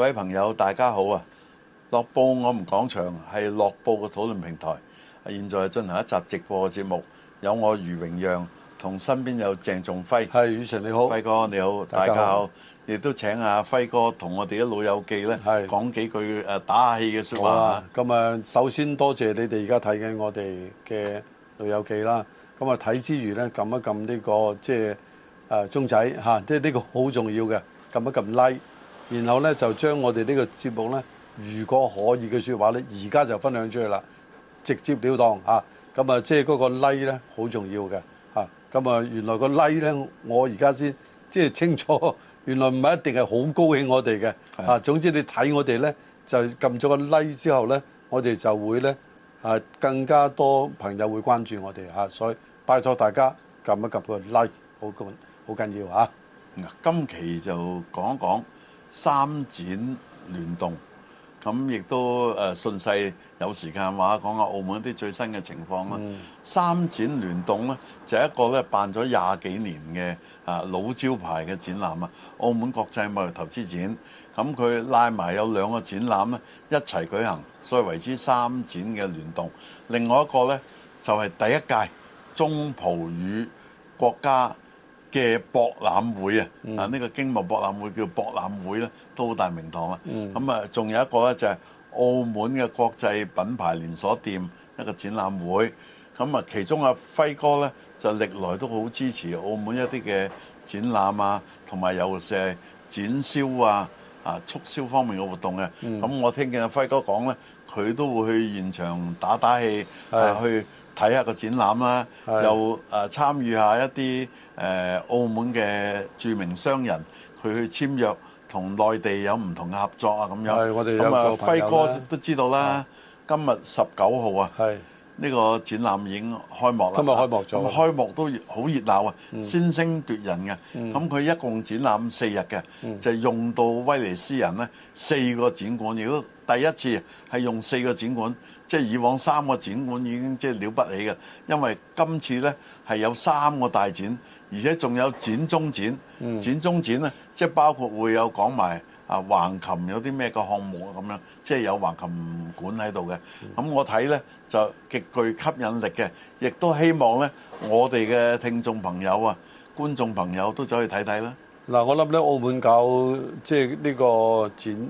各位朋友，大家好啊！樂報我們講場係樂報嘅討論平台，現在進行一集直播嘅節目，有我余榮讓同身邊有鄭仲輝，係宇晨你好，輝哥你好，大家好，亦都請阿輝哥同我哋啲老友記咧，講幾句誒打下氣嘅說話。咁啊，首先多謝你哋而家睇緊我哋嘅老友記啦。咁啊，睇之餘咧，撳一撳呢個即係誒鐘仔吓，即係呢個好重要嘅，撳一撳 like。然後咧就將我哋呢個節目咧，如果可以嘅說話咧，而家就分享出去啦，直接了當嚇。咁啊，啊，即係嗰個 like 咧，好重要嘅嚇。咁啊，啊，原來個 like 咧，我而家先即係清楚，原來唔係一定係好高興我哋嘅嚇。總之你睇我哋咧，就撳咗個 like 之後咧，我哋就會咧啊更加多朋友會關注我哋嚇、啊。所以拜託大家撳一撳個 like，好緊好緊要嚇。嗱、啊，今期就講一講。三展聯動，咁亦都誒順勢有時間話講下澳門一啲最新嘅情況啦。嗯、三展聯動咧就一個咧辦咗廿幾年嘅啊老招牌嘅展覽啊，澳門國際貿易投資展，咁佢拉埋有兩個展覽咧一齊舉行，所以為之三展嘅聯動。另外一個咧就係第一屆中葡語國家嘅博覽會啊，啊呢個經貿博覽會叫博覽會咧，都好大名堂啦。咁啊，仲有一個咧就係澳門嘅國際品牌連鎖店一個展覽會。咁啊，其中阿輝哥咧就歷來都好支持澳門一啲嘅展覽啊，同埋有時係展銷啊、啊促銷方面嘅活動嘅。咁我聽見阿輝哥講咧，佢都會去現場打打氣啊，去，睇下個展覽啦，又誒參與下一啲誒澳門嘅著名商人，佢去簽約同內地有唔同嘅合作啊咁樣。係我哋有個朋友啦。咁啊，輝哥都知道啦。今日十九號啊，係呢個展覽已經開幕啦。今日開幕咗。開幕都好熱鬧啊，先聲奪人嘅。咁佢一共展覽四日嘅，就用到威尼斯人咧四個展館亦都。第一次係用四個展館，即係以往三個展館已經即係了不起嘅，因為今次呢係有三個大展，而且仲有展中展，展中展呢即係包括會有講埋啊橫琴有啲咩個項目啊咁樣，即係有橫琴館喺度嘅。咁我睇呢就極具吸引力嘅，亦都希望呢我哋嘅聽眾朋友啊、觀眾朋友都走去睇睇啦。嗱，我諗呢澳門搞即係呢個展。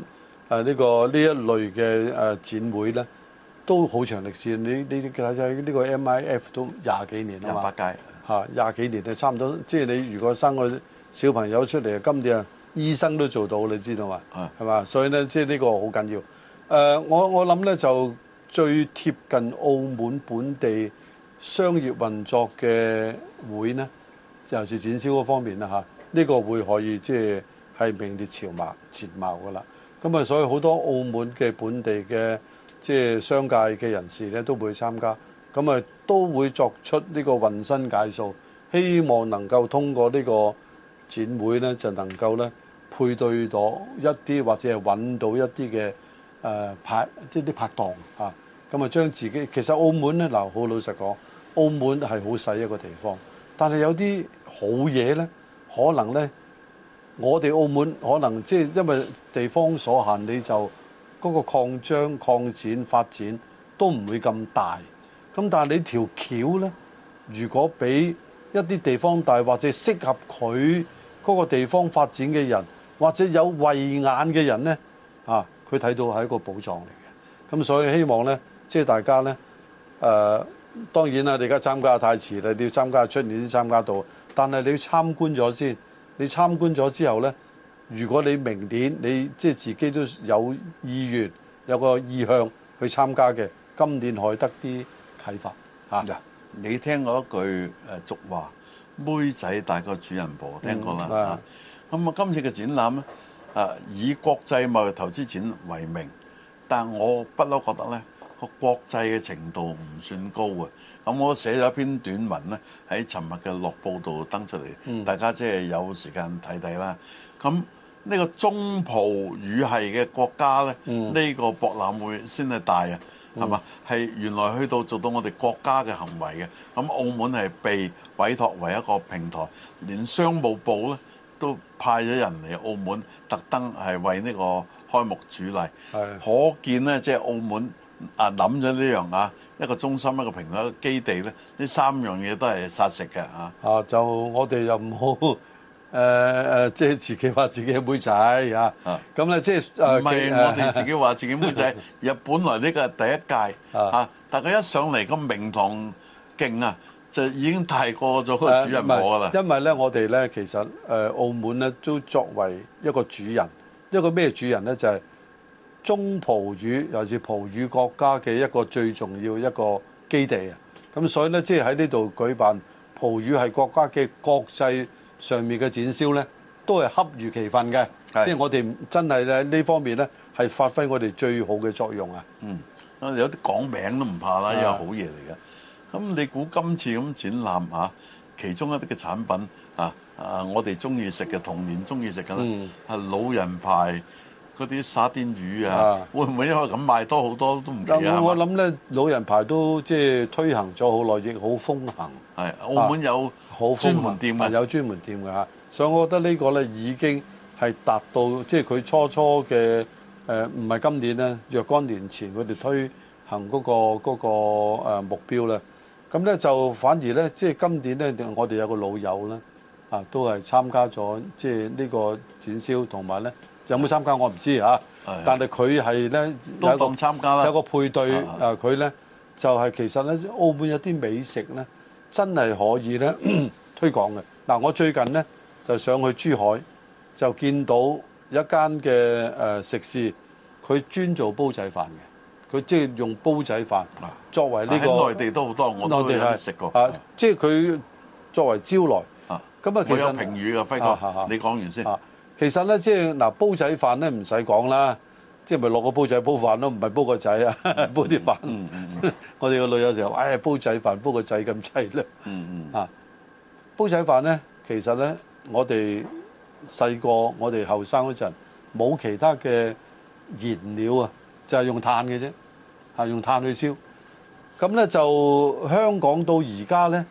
誒呢、啊這個呢一類嘅誒、呃、展會咧，都好長歷史。你你睇睇呢個 MIF 都廿幾年啦嘛，廿八屆，嚇廿幾年啊，差唔多。即係你如果生個小朋友出嚟，今次啊，醫生都做到，你知道嘛？係嘛、啊？所以咧，即係呢個好緊要。誒、呃，我我諗咧就最貼近澳門本地商業運作嘅會咧，尤其是展銷嗰方面啦嚇。呢、啊這個會可以即係係名列前茅前茅噶啦。咁啊，所以好多澳門嘅本地嘅即係商界嘅人士咧，都會參加，咁啊都會作出呢個渾身解數，希望能夠通過呢個展會咧，就能夠咧配對到一啲或者係揾到一啲嘅誒拍即係啲拍檔啊，咁啊將自己其實澳門咧嗱，好老實講，澳門係好細一個地方，但係有啲好嘢咧，可能咧。我哋澳門可能即係因為地方所限，你就嗰個擴張、擴展、發展都唔會咁大。咁但係你條橋呢，如果俾一啲地方大或者適合佢嗰個地方發展嘅人，或者有慧眼嘅人呢，啊，佢睇到係一個寶藏嚟嘅。咁所以希望呢，即係大家呢，誒當然啦，你而家參加太遲啦，你要參加出年先參加到。但係你要參觀咗先。你參觀咗之後呢，如果你明年你即係自己都有意願，有個意向去參加嘅，今年可以得啲啟發吓。嗱，你聽過一句俗話，妹仔大過主人婆，聽過啦。咁啊，今次嘅展覽呢，以國際貿易投資展為名，但我不嬲覺得呢，個國際嘅程度唔算高啊。咁我寫咗一篇短文咧，喺尋日嘅《樂報》度登出嚟，大家即係有時間睇睇啦。咁呢個中葡語系嘅國家咧，呢個博覽會先係大啊，係嘛？係原來去到做到我哋國家嘅行為嘅。咁澳門係被委託為一個平台，連商務部咧都派咗人嚟澳門，特登係為呢個開幕主禮，可見呢，即係澳門。啊！諗咗呢樣啊，一個中心，一個平台，一個基地咧，呢三樣嘢都係殺食嘅嚇。啊！就我哋就唔好誒誒，即、呃、係、啊、自己話自己妹仔啊。咁咧即係唔係我哋自己話自己妹仔？ 日本來呢個第一屆嚇，啊啊、但係佢一上嚟個名堂勁啊，就已經大過咗個主人婆啦、啊。因為咧，為我哋咧其實誒、呃、澳門咧都作為一個主人，一個咩主人咧就係、是。中葡語又是葡語國家嘅一個最重要一個基地啊！咁所以呢，即係喺呢度舉辦葡語係國家嘅國際上面嘅展銷呢都係恰如其分嘅。是即係我哋真係咧呢方面呢係發揮我哋最好嘅作用啊！嗯，有啲講名都唔怕啦，因為好嘢嚟嘅。咁是你估今次咁展覽下其中一啲嘅產品啊啊，我哋中意食嘅童年中意食嘅咧，係、嗯、老人牌。嗰啲沙甸魚啊，會唔會因為咁賣多好多都唔平？但我諗咧，老人牌都即係推行咗好耐，亦好風行。係澳門有好專門店啊，有專門店㗎嚇。所以，我覺得呢個咧已經係達到即係佢初初嘅誒，唔係今年啊，若干年前佢哋推行嗰個嗰個誒目標咧。咁咧就反而咧，即係今年咧，我哋有個老友咧，啊都係參加咗即係呢個展銷同埋咧。有冇參加我唔知嚇，但係佢係咧有參加啦，有個配對，誒佢咧就係其實咧澳門有啲美食咧真係可以咧推廣嘅。嗱我最近咧就上去珠海，就見到一間嘅誒食肆，佢專做煲仔飯嘅，佢即係用煲仔飯作為呢個。喺內地都好多，我哋都有食過。啊，即係佢作為招來。啊，咁啊其實我有評語啊，輝哥，你講完先。其實咧，即係嗱，煲仔飯咧唔使講啦，即係咪落個煲仔煲飯咯？唔係煲個仔啊，煲啲飯。我哋個女有時候，哎，煲仔飯煲個仔咁齊咧。嗯嗯。啊，煲仔飯咧，其實咧，我哋細個，我哋後生嗰陣冇其他嘅燃料啊，就係用炭嘅啫，嚇用炭去燒。咁咧就香港到而家咧，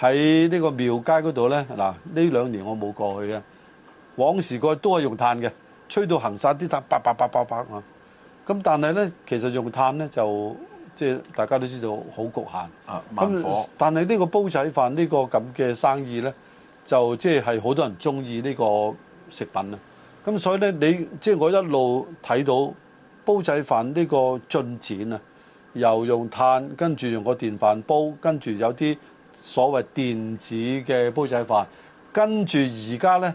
喺呢個廟街嗰度咧，嗱呢兩年我冇過去嘅。往時個都係用炭嘅，吹到行晒啲炭，白白白白白啊！咁但係呢，其實用炭呢，就即係大家都知道好局限。啊，猛火！但係呢個煲仔飯呢個咁嘅生意呢，就即係好多人中意呢個食品啊！咁所以呢，你即係我一路睇到煲仔飯呢個進展啊，由用炭，跟住用個電飯煲，跟住有啲所謂電子嘅煲仔飯，跟住而家呢。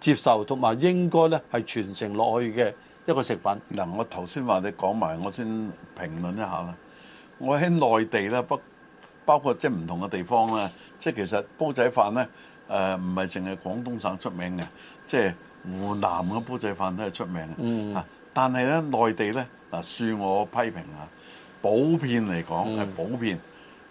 接受同埋應該咧係傳承落去嘅一個食品。嗱，我頭先話你講埋，我先評論一下啦。我喺內地咧，不包括即係唔同嘅地方咧，即係其實煲仔飯咧，誒唔係淨係廣東省出名嘅，即係湖南嘅煲仔飯都係出名嘅。嗯。嚇！啊！但係咧內地咧，嗱，啊，恕我批評啊，普遍嚟講係普遍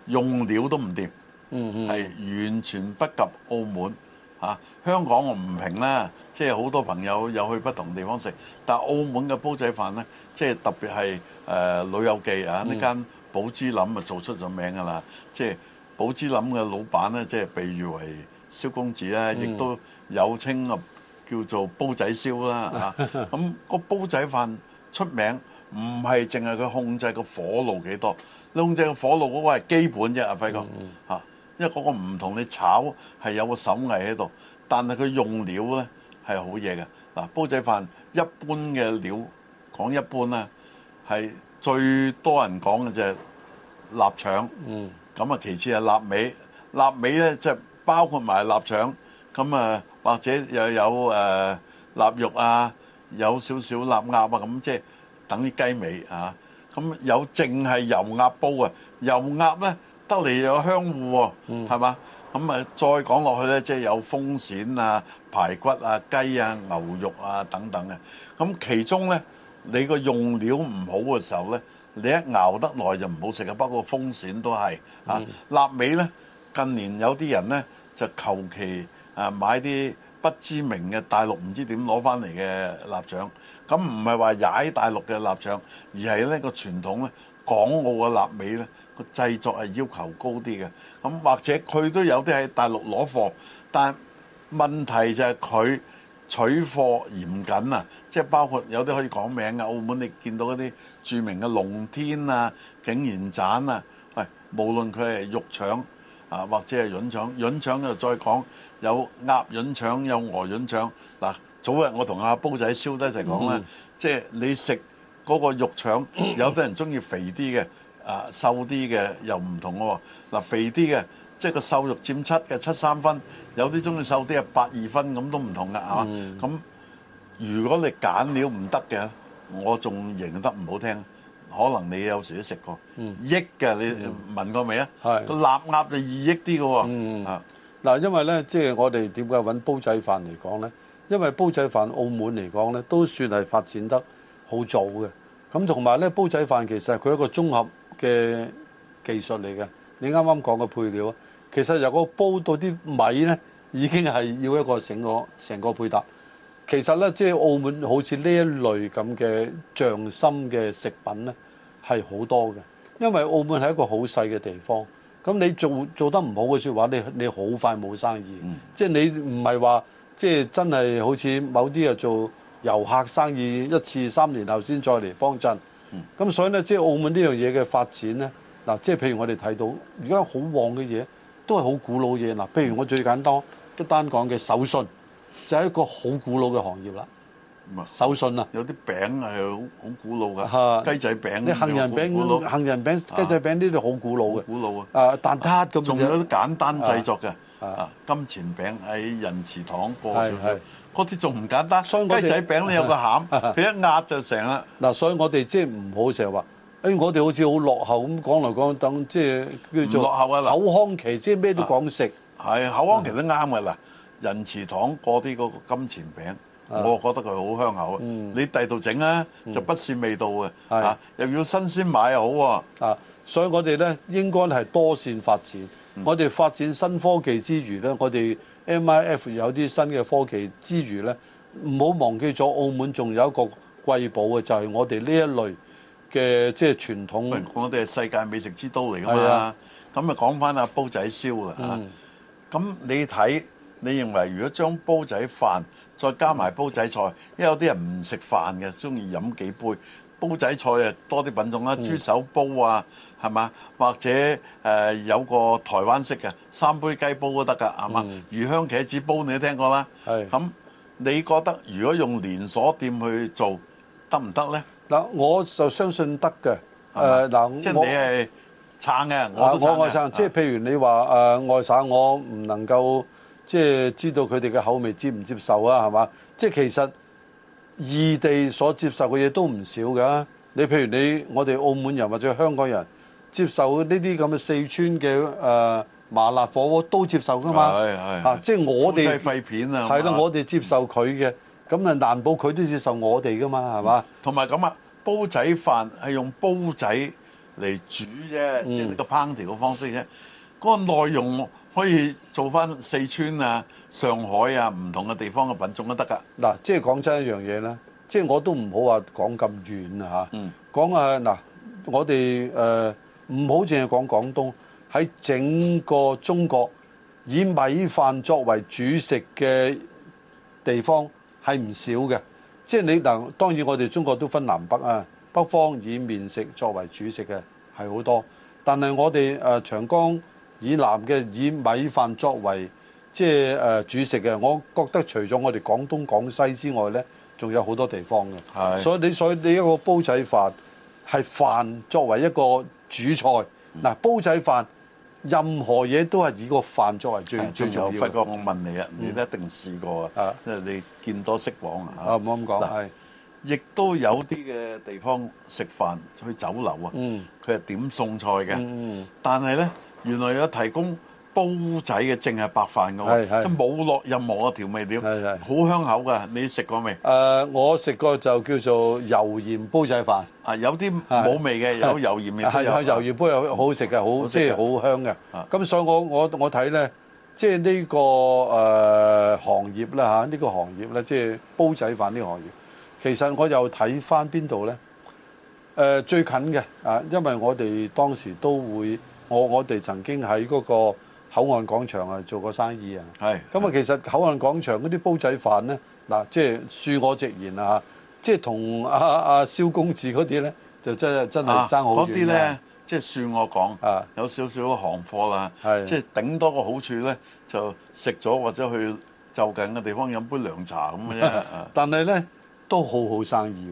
用料都唔掂，係，嗯哼，完全不及澳門。啊！香港我唔平啦，即係好多朋友有去不同地方食，但澳門嘅煲仔飯咧，即、就、係、是、特別係誒老友記啊呢間、嗯、寶芝林啊做出咗名㗎啦，即、就、係、是、寶芝林嘅老闆咧，即、就、係、是、被譽為蕭公子啦、啊，亦、嗯、都有稱啊叫做煲仔燒啦啊！咁個煲仔飯出名唔係淨係佢控制個火爐幾多，控制個火爐嗰個係基本啫阿、啊、輝哥嚇。嗯因為嗰個唔同你炒係有個手藝喺度，但係佢用料咧係好嘢嘅。嗱，煲仔飯一般嘅料講一般咧，係最多人講嘅就係臘腸。嗯，咁啊，其次係臘味。臘味咧即係包括埋臘腸，咁啊或者又有誒臘肉啊，有少少臘鴨啊，咁即係等於雞尾啊。咁有淨係油鴨煲啊，油鴨咧。得嚟有香芋喎，係嘛？咁啊，再講落去咧，即係有風鱔啊、排骨啊、雞啊、牛肉啊等等嘅。咁其中咧，你個用料唔好嘅時候咧，你一熬得耐就唔好食啊。包括風鱔都係啊，臘味咧，近年有啲人咧就求其啊買啲不知名嘅大陸唔知點攞翻嚟嘅臘腸。咁唔係話踩大陸嘅臘腸，而係咧個傳統咧，港澳嘅臘味咧。製製作係要求高啲嘅，咁或者佢都有啲喺大陸攞貨，但問題就係佢取貨嚴謹啊！即係包括有啲可以講名嘅澳門，你見到嗰啲著名嘅龍天啊、景然斬啊，喂，無論佢係肉腸啊，或者係潤腸，潤腸就再講有鴨潤腸、有鵝潤腸。嗱，早日我同阿煲仔燒低一齊講啦。即係、嗯、你食嗰個肉腸，嗯、有啲人中意肥啲嘅。啊瘦啲嘅又唔同喎，嗱肥啲嘅即係個瘦肉佔七嘅七三分，有啲中意瘦啲啊八二分咁都唔同噶嚇，咁如果你揀料唔得嘅，我仲認得唔好聽，可能你有時都食過，益嘅你問過未啊？係個臘鴨就易益啲嘅喎，啊嗱，因為咧即係我哋點解揾煲仔飯嚟講咧？因為煲仔飯澳門嚟講咧都算係發展得好早嘅，咁同埋咧煲仔飯其實佢一個綜合。嘅技術嚟嘅，你啱啱講嘅配料，其實由個煲到啲米呢，已經係要一個成個成個配搭。其實呢，即係澳門好似呢一類咁嘅匠心嘅食品呢，係好多嘅。因為澳門係一個好細嘅地方，咁你做做得唔好嘅說話，你你好快冇生意。嗯、即係你唔係話，即係真係好似某啲啊做遊客生意，一次三年後先再嚟幫襯。咁、嗯、所以咧，即係澳門呢樣嘢嘅發展咧，嗱，即係譬如我哋睇到而家好旺嘅嘢，都係好古老嘢。嗱，譬如我最簡單，一單講嘅手信，就係、是、一個好古老嘅行業啦。唔手信啊，有啲餅係好好古老嘅，雞仔餅。呢、啊，杏仁餅、杏仁餅、啊、雞仔餅呢度好古老嘅。啊、古老啊！誒蛋撻卡咁。仲、啊、有啲簡單製作嘅，啊，啊，啊金錢餅喺仁慈堂過少嗰啲仲唔簡單？雞仔餅你有個餡，佢的一壓就成啦。嗱，所以我哋即係唔好成日話，誒我哋好似好落後咁講嚟講去，即係叫做落後口腔期，即係咩都講食。係口腔期都啱嘅嗱，仁慈堂嗰啲嗰個金錢餅，的我覺得佢好香口。的你第度整咧就不算味道嘅的、啊、又要新鮮買好喎、啊。啊，所以我哋咧應該係多線發展。我哋發展新科技之餘咧，我哋 MIF 有啲新嘅科技之餘咧，唔好忘記咗澳門仲有一個瑰寶嘅，就係我哋呢一類嘅即係傳統，我哋係世界美食之都嚟噶嘛。咁啊講翻啊煲仔燒啊咁、嗯、你睇你認為如果將煲仔飯再加埋煲仔菜，因為有啲人唔食飯嘅，中意飲幾杯煲仔菜啊，多啲品種啦，豬手煲啊。係嘛？或者誒、呃、有個台灣式嘅三杯雞煲都得㗎，係嘛？嗯、魚香茄子煲你都聽過啦。咁是、嗯，你覺得如果用連鎖店去做得唔得咧？嗱、呃，我就相信得嘅。誒嗱吧，呃、即係你係撐嘅我我外撐，撐。是吧即係譬如你話誒、呃、外省，我唔能夠即係知道佢哋嘅口味接唔接受啊？係嘛？即係其實異地所接受嘅嘢都唔少㗎、啊。你譬如你我哋澳門人或者香港人。接受呢啲咁嘅四川嘅麻辣火鍋都接受噶嘛？係係啊，即係我哋。夫妻肺片啊，係咯，我哋接受佢嘅，咁啊難保佢都接受我哋噶嘛，係嘛？同埋咁啊，煲仔飯係用煲仔嚟煮啫，即係個烹調嘅方式啫。嗰個內容可以做翻四川啊、上海啊唔同嘅地方嘅品種都得㗎。嗱，即係講真一樣嘢咧，即係我都唔好話講咁遠啊嚇。嗯。講啊嗱，我哋誒。唔好淨係講廣東，喺整個中國以米飯作為主食嘅地方係唔少嘅。即係你嗱，當然我哋中國都分南北啊。北方以麵食作為主食嘅係好多，但係我哋誒長江以南嘅以米飯作為即係誒主食嘅，我覺得除咗我哋廣東廣西之外呢，仲有好多地方嘅。係，是的 所以你所以你一個煲仔飯係飯作為一個。煮菜嗱，煲仔飯，任何嘢都係以個飯作為最最重要。不過我，我問你啊，嗯、你一定試過啊，即係你見多識廣啊嚇。唔好咁講。嗱，亦、啊、的都有啲嘅地方食飯去酒樓啊，佢係、嗯、點餸菜嘅，嗯、但係咧原來有提供。煲仔嘅正係白飯嘅喎，即冇落任何嘅調味料，好香口嘅。你食過未？誒、呃，我食過就叫做油鹽煲仔飯。啊，有啲冇味嘅，係有油鹽味嘅。係油鹽煲又好食嘅，嗯、好即係好食香嘅。咁係所以我我我睇咧，即係呢個誒、呃、行業啦嚇，呢、啊呢個行業咧，即係煲仔飯呢個行業。其實我又睇翻邊度咧？誒、呃，最近嘅啊，因為我哋當時都會，我我哋曾經喺嗰、嗰個。口岸廣場啊，做個生意啊，咁啊，其實口岸廣場嗰啲煲仔飯咧，嗱，即係恕我直言啦，即係同阿阿蕭公子嗰啲咧，就真真係爭好遠啲咧，即係恕我講，有少少行貨啦，即係頂多個好處咧，就食咗或者去就近嘅地方飲杯涼茶咁嘅啫。但係咧都好好生意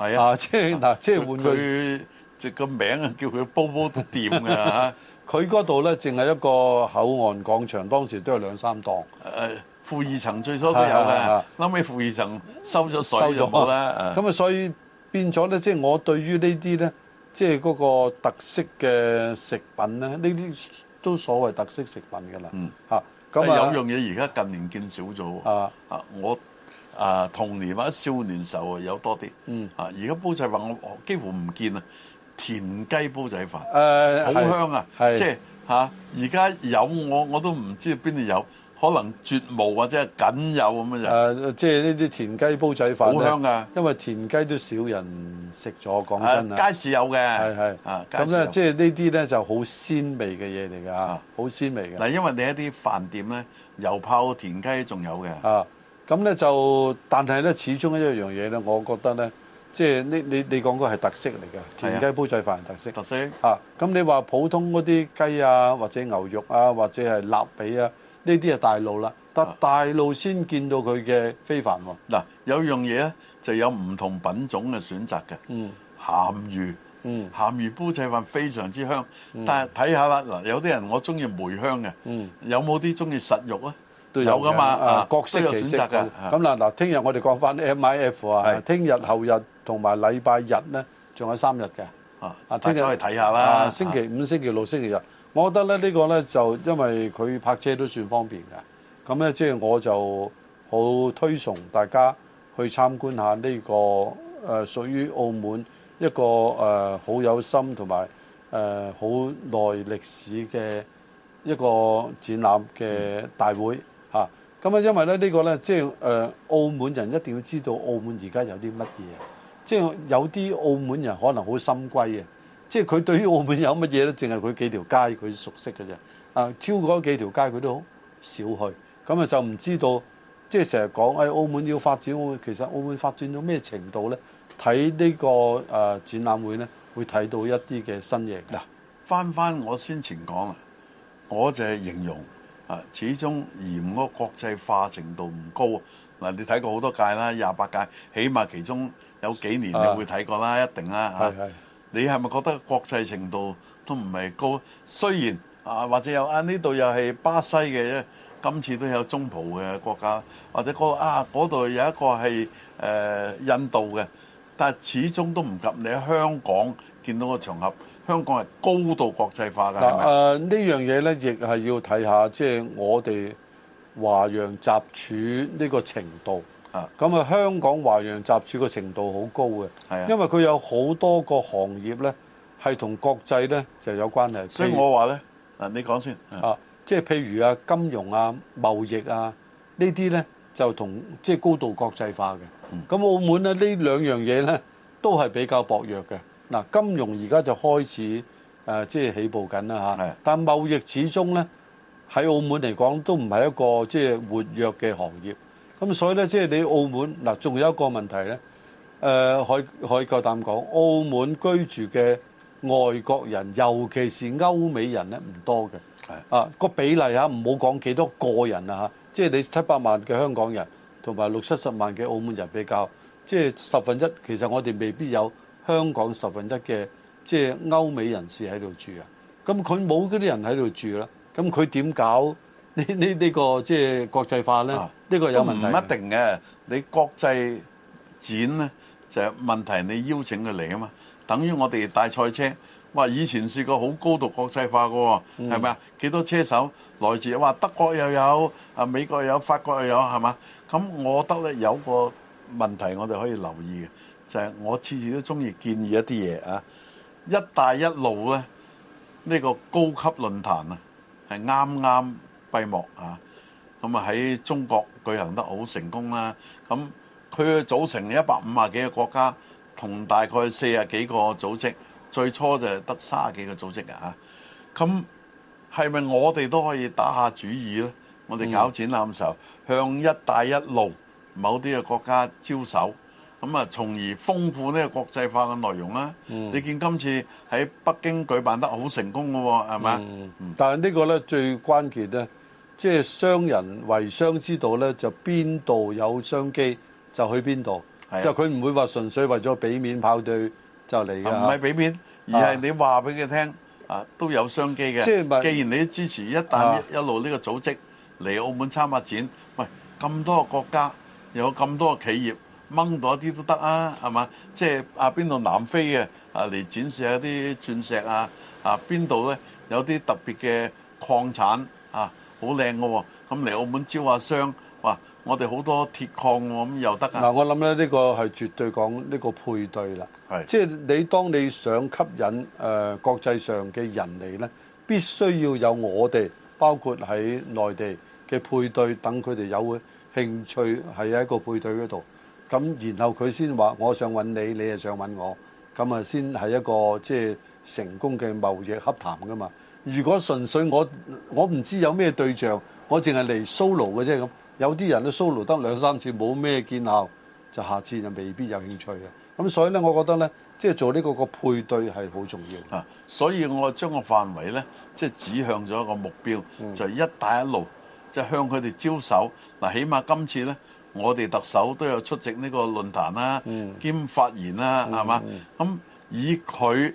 喎，係啊，即係嗱，即係換佢個名啊，叫佢煲煲都掂嘅嚇。佢嗰度咧，淨係一個口岸廣場，當時都有兩三檔。誒、啊，負二層最初都有嘅，後尾負二層收咗水收咗了啦。咁啊，啊所以變咗咧，即、就、係、是、我對於呢啲咧，即係嗰個特色嘅食品咧，呢啲都所謂特色食品㗎啦。嗯，咁、啊啊、有樣嘢而家近年見少咗、啊啊。啊，啊，我啊童年或者少年時候有多啲。嗯，啊，而家煲仔飯我幾乎唔見田雞煲仔飯，誒好、呃、香啊！即係嚇，而家、啊、有我我都唔知邊度有，可能絕無或者僅有咁樣啫。誒、呃，即係呢啲田雞煲仔飯，好香啊！因為田雞都少人食咗，講真的啊，街市有嘅。係係啊，咁咧即係呢啲咧就好、係、鮮味嘅嘢嚟㗎，好、啊、鮮味嘅！嗱，因為你喺一啲飯店咧油泡田雞仲有嘅。啊，咁咧就，但係咧，始終一樣嘢咧，我覺得咧。即係你你你講個係特色嚟嘅田雞煲仔飯特色，特色嚇，咁你話普通嗰啲雞啊，或者牛肉啊，或者係臘髀啊，呢啲係大路啦，但大路先見到佢嘅非凡喎。嗱，有樣嘢咧，就有唔同品種嘅選擇嘅。嗯，鹹魚，嗯，鹹魚煲仔飯非常之香，但係睇下啦，嗱，有啲人我中意梅香嘅，嗯，有冇啲中意實肉啊？都有噶，角色嘅選擇㗎。咁嗱，嗱，聽日我哋講翻 MIF 啊，聽日後日。同埋禮拜日呢，仲有三日嘅啊！啊，聽日可以睇下啦。星期五、星期六、星期日，啊、我覺得咧呢、這個呢，就因為佢泊車都算方便嘅。咁呢，即係我就好推崇大家去參觀下呢、呢個、呃、屬於澳門一個好、呃、有心同埋好耐歷史嘅一個展覽嘅大會咁、嗯、啊，因為呢、呢個呢，即係、呃、澳門人一定要知道澳門而家有啲乜嘢。即係有啲澳門人可能好心歸嘅，即係佢對於澳門有乜嘢咧，淨係佢幾條街佢熟悉嘅啫。啊，超過嗰幾條街佢都好少去咁啊，就唔知道。即係成日講誒澳門要發展，其實澳門發展到咩程度呢？睇呢個誒展覽會呢，會睇到一啲嘅新嘢。嗱，翻翻我先前講啊，我就係形容啊，始終嫌嗰個國際化程度唔高啊。嗱，你睇過好多屆啦，廿八屆，起碼其中。有幾年你會睇過啦，啊、一定啦嚇。係係係，你係咪覺得國際程度都唔係高？雖然啊，或者又啊，呢度又係巴西嘅，今次都有中葡嘅國家，或者個啊嗰度有一個係誒、啊、印度嘅，但係始終都唔及你喺香港見到嘅場合。香港係高度國際化㗎，係咪？呢那、啊、樣嘢呢，亦係要睇下，即、就、係、是、我哋華洋雜處呢個程度。咁啊，香港華洋雜處個程度好高嘅，係啊、因為佢有好多個行業咧，係同國際咧就有關係。所以我話咧，嗱，你講先。啊、啊，即係譬如啊，金融啊、貿易啊呢啲咧，就同即係高度國際化嘅。咁、嗯、澳門咧，呢兩樣嘢咧都係比較薄弱嘅。嗱、啊，金融而家就開始誒、啊，即係起步緊啦嚇。啊啊、但貿易始終咧喺澳門嚟講，都唔係一個即係活躍嘅行業。咁所以咧，即係你澳門嗱，仲有一個問題咧。誒，可可以夠膽講，澳門居住嘅外國人，尤其是歐美人咧，唔多嘅。係是的 啊，個比例吓，唔好講幾多個人啊嚇。即係你七百萬嘅香港人，同埋六七十萬嘅澳門人比較，即係十分一。其實我哋未必有香港十分一嘅即係歐美人士喺度住啊。咁佢冇嗰啲人喺度住啦。咁佢點搞呢？呢呢個即係國際化咧？呢個有問題。唔一定嘅，你國際展咧就係問題，你邀請佢嚟啊嘛。等於我哋大賽車，話以前試過好高度國際化嘅喎，係咪啊？幾多車手來自？話德國又有，啊美國又有，法國又有，係嘛？咁我覺得咧有個問題，我哋可以留意嘅就係，我次次都中意建議一啲嘢啊。一帶一路咧，呢個高級論壇啊，係啱啱閉幕啊。咁啊喺中國舉行得好成功啦、啊！咁佢嘅組成一百五十幾個國家，同大概四十幾個組織，最初就係得三十幾個組織啊。咁係咪我哋都可以打下主意呢？我哋搞展覽時候、嗯、向一帶一路某啲嘅國家招手，咁啊，從而豐富呢個國際化嘅內容啦、啊。嗯、你見今次喺北京舉辦得好成功嘅、啊、喎，係咪、嗯、但係呢個呢，最關鍵呢即係商人為商之道咧，就邊度有商機就去邊度，就佢唔會話純粹為咗俾面炮隊就嚟㗎，唔係俾面，而係你話俾佢聽啊，都有商機嘅。即係既然你支持一帶一，一帶一路呢個組織嚟、啊、澳門參啊展，喂咁多個國家有咁多個企業掹到一啲都得啊，係嘛？即係啊邊度南非嘅啊嚟展示一啲鑽石啊，啊邊度咧有啲特別嘅礦產啊！好靚嘅喎，咁嚟澳門招下商，哇！我哋好多鐵礦喎，咁又得啊！嗱，我諗咧呢個係絕對講呢個配對啦，係即係是的 你當你想吸引誒、呃、國際上嘅人嚟呢，必須要有我哋包括喺內地嘅配對，等佢哋有興趣喺一個配對嗰度，咁然後佢先話我想揾你，你係想揾我，咁啊先係一個即係、就是、成功嘅貿易洽談㗎嘛。如果純粹我我唔知有咩對象，我淨係嚟 solo 嘅啫，咁有啲人都 solo 得兩三次冇咩見效，就下次就未必有興趣啦。咁所以呢，我覺得呢，即係做呢個個配對係好重要啊。所以我將個範圍呢，即係指向咗一個目標，就一帶一路，即係向佢哋招手。嗱，起碼今次呢，我哋特首都有出席呢個論壇啦，兼發言啦，係嘛？咁以佢，